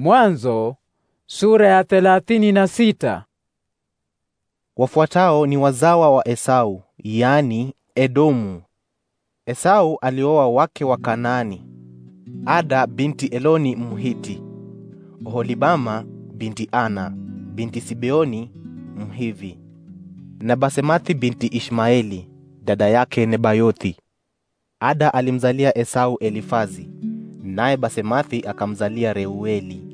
Mwanzo sura ya thelathini na sita. Wafuatao ni wazawa wa Esau, yaani Edomu. Esau alioa wake wa Kanaani, Ada binti Eloni Mhiti, Oholibama binti Ana binti Sibeoni Mhivi, na Basemathi binti Ishmaeli dada yake Nebayothi. Ada alimzalia Esau Elifazi, naye Basemathi akamzalia Reueli.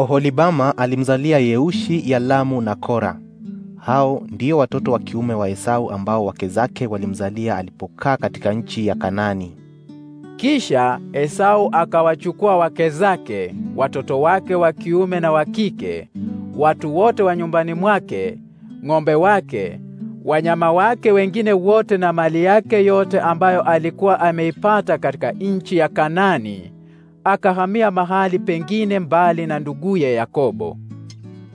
Oholibama alimzalia Yeushi, Yalamu na Kora. Hao ndio watoto wa kiume wa Esau ambao wake zake walimzalia alipokaa katika nchi ya Kanani. Kisha Esau akawachukua wake zake, watoto wake wa kiume na wa kike, watu wote wa nyumbani mwake, ng'ombe wake, wanyama wake wengine wote na mali yake yote ambayo alikuwa ameipata katika nchi ya Kanani akahamia mahali pengine mbali na nduguye Yakobo.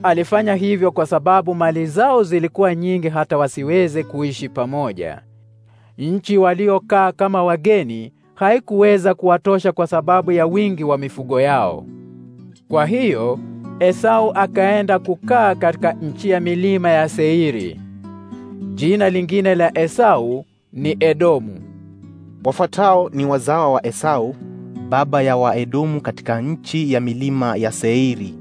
Alifanya hivyo kwa sababu mali zao zilikuwa nyingi hata wasiweze kuishi pamoja. Nchi waliokaa kama wageni haikuweza kuwatosha kwa sababu ya wingi wa mifugo yao. Kwa hiyo Esau akaenda kukaa katika nchi ya milima ya Seiri. Jina lingine la Esau ni Edomu. Wafuatao ni wazawa wa Esau baba ya Waedomu katika nchi ya milima ya Seiri.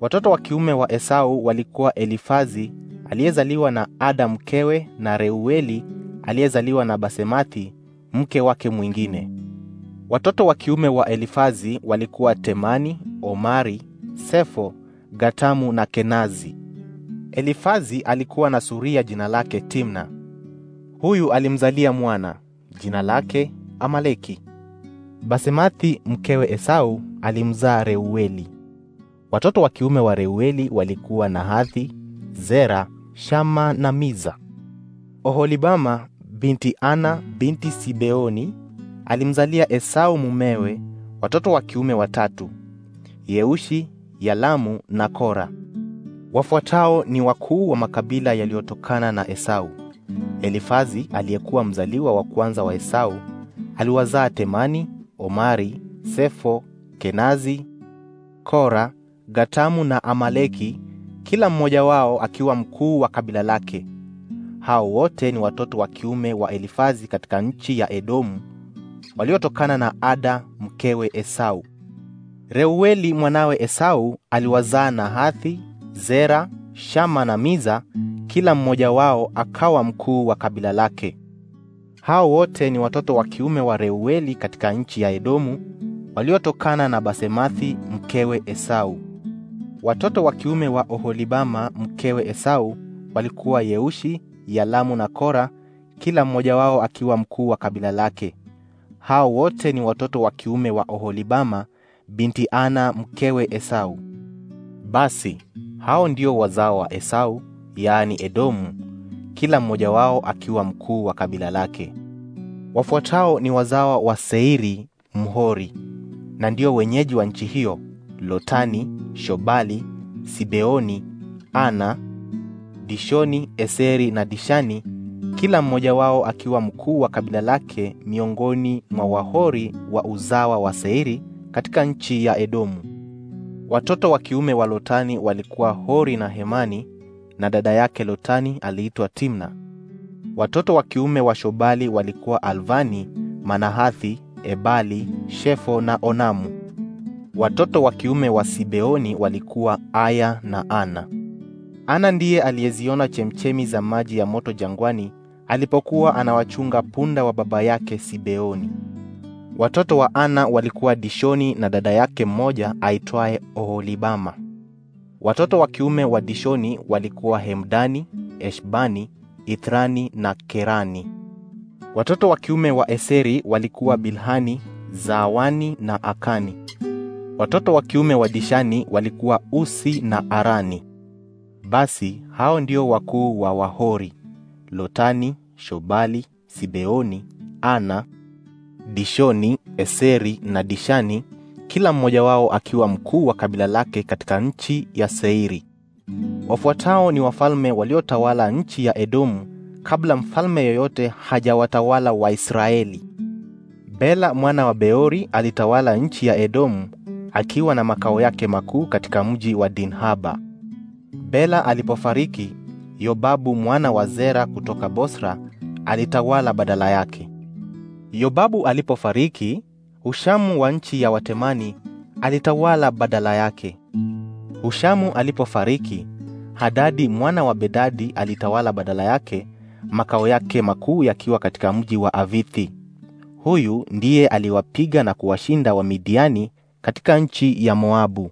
Watoto wa kiume wa Esau walikuwa Elifazi aliyezaliwa na Ada mkewe na Reueli aliyezaliwa na Basemathi mke wake mwingine. Watoto wa kiume wa Elifazi walikuwa Temani, Omari, Sefo, Gatamu na Kenazi. Elifazi alikuwa na suria jina lake Timna. Huyu alimzalia mwana jina lake Amaleki. Basemathi mkewe Esau alimzaa Reueli. Watoto wa kiume wa Reueli walikuwa Nahathi, Zera, Shama na Miza. Oholibama binti Ana binti Sibeoni alimzalia Esau mumewe watoto wa kiume watatu: Yeushi, Yalamu na Kora. Wafuatao ni wakuu wa makabila yaliyotokana na Esau. Elifazi aliyekuwa mzaliwa wa kwanza wa Esau aliwazaa Temani, Omari, Sefo, Kenazi, Kora, Gatamu na Amaleki, kila mmoja wao akiwa mkuu wa kabila lake. Hao wote ni watoto wa kiume wa Elifazi katika nchi ya Edomu, waliotokana na Ada mkewe Esau. Reueli mwanawe Esau aliwazaa Nahathi, Zera, Shama na Miza, kila mmoja wao akawa mkuu wa kabila lake. Hao wote ni watoto wa kiume wa Reueli katika nchi ya Edomu waliotokana na Basemathi mkewe Esau. Watoto wa kiume wa Oholibama mkewe Esau walikuwa Yeushi, Yalamu na Kora, kila mmoja wao akiwa mkuu wa kabila lake. Hao wote ni watoto wa kiume wa Oholibama binti Ana mkewe Esau. Basi hao ndio wazao wa Esau, yaani Edomu, kila mmoja wao akiwa mkuu wa kabila lake. Wafuatao ni wazawa wa Seiri Mhori, na ndio wenyeji wa nchi hiyo: Lotani, Shobali, Sibeoni, Ana, Dishoni, Eseri na Dishani, kila mmoja wao akiwa mkuu wa kabila lake miongoni mwa Wahori wa uzawa wa Seiri katika nchi ya Edomu. Watoto wa kiume wa Lotani walikuwa Hori na Hemani, na dada yake Lotani aliitwa Timna. Watoto wa kiume wa Shobali walikuwa Alvani, Manahathi, Ebali, Shefo na Onamu. Watoto wa kiume wa Sibeoni walikuwa Aya na Ana. Ana ndiye aliyeziona chemchemi za maji ya moto jangwani alipokuwa anawachunga punda wa baba yake Sibeoni. Watoto wa Ana walikuwa Dishoni na dada yake mmoja aitwaye Oholibama. Watoto wa kiume wa Dishoni walikuwa Hemdani, Eshbani, Ithrani na Kerani. Watoto wa kiume wa Eseri walikuwa Bilhani, Zaawani na Akani. Watoto wa kiume wa Dishani walikuwa Usi na Arani. Basi hao ndio wakuu wa Wahori: Lotani, Shobali, Sibeoni, Ana, Dishoni, Eseri na Dishani kila mmoja wao akiwa mkuu wa kabila lake katika nchi ya Seiri. Wafuatao ni wafalme waliotawala nchi ya Edomu kabla mfalme yoyote hajawatawala Waisraeli. Bela mwana wa Beori alitawala nchi ya Edomu akiwa na makao yake makuu katika mji wa Dinhaba. Bela alipofariki, Yobabu mwana wa Zera kutoka Bosra alitawala badala yake. Yobabu alipofariki, Hushamu wa nchi ya Watemani alitawala badala yake. Hushamu alipofariki, Hadadi mwana wa Bedadi alitawala badala yake, makao yake makuu yakiwa katika mji wa Avithi. Huyu ndiye aliwapiga na kuwashinda Wamidiani katika nchi ya Moabu.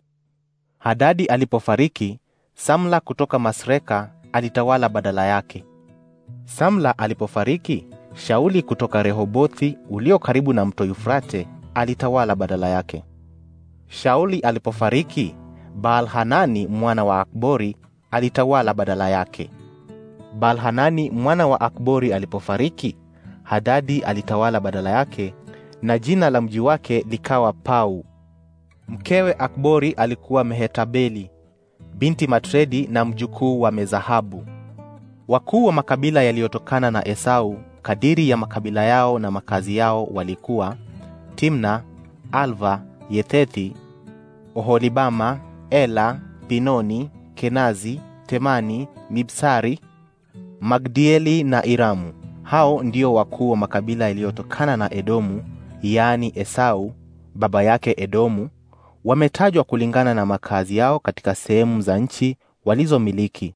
Hadadi alipofariki, Samla kutoka Masreka alitawala badala yake. Samla alipofariki, Shauli kutoka Rehobothi ulio karibu na mto Yufrate alitawala badala yake. Shauli alipofariki, baalhanani mwana wa Akbori alitawala badala yake. baalhanani mwana wa Akbori alipofariki, Hadadi alitawala badala yake na jina la mji wake likawa Pau. Mkewe Akbori alikuwa Mehetabeli binti Matredi na mjukuu wa Mezahabu. Wakuu wa makabila yaliyotokana na Esau kadiri ya makabila yao na makazi yao walikuwa Timna, Alva, Yetethi, Oholibama, Ela, Pinoni, Kenazi, Temani, Mibsari, Magdieli na Iramu. Hao ndio wakuu wa makabila yaliyotokana na Edomu, yaani Esau baba yake Edomu, wametajwa kulingana na makazi yao katika sehemu za nchi walizomiliki.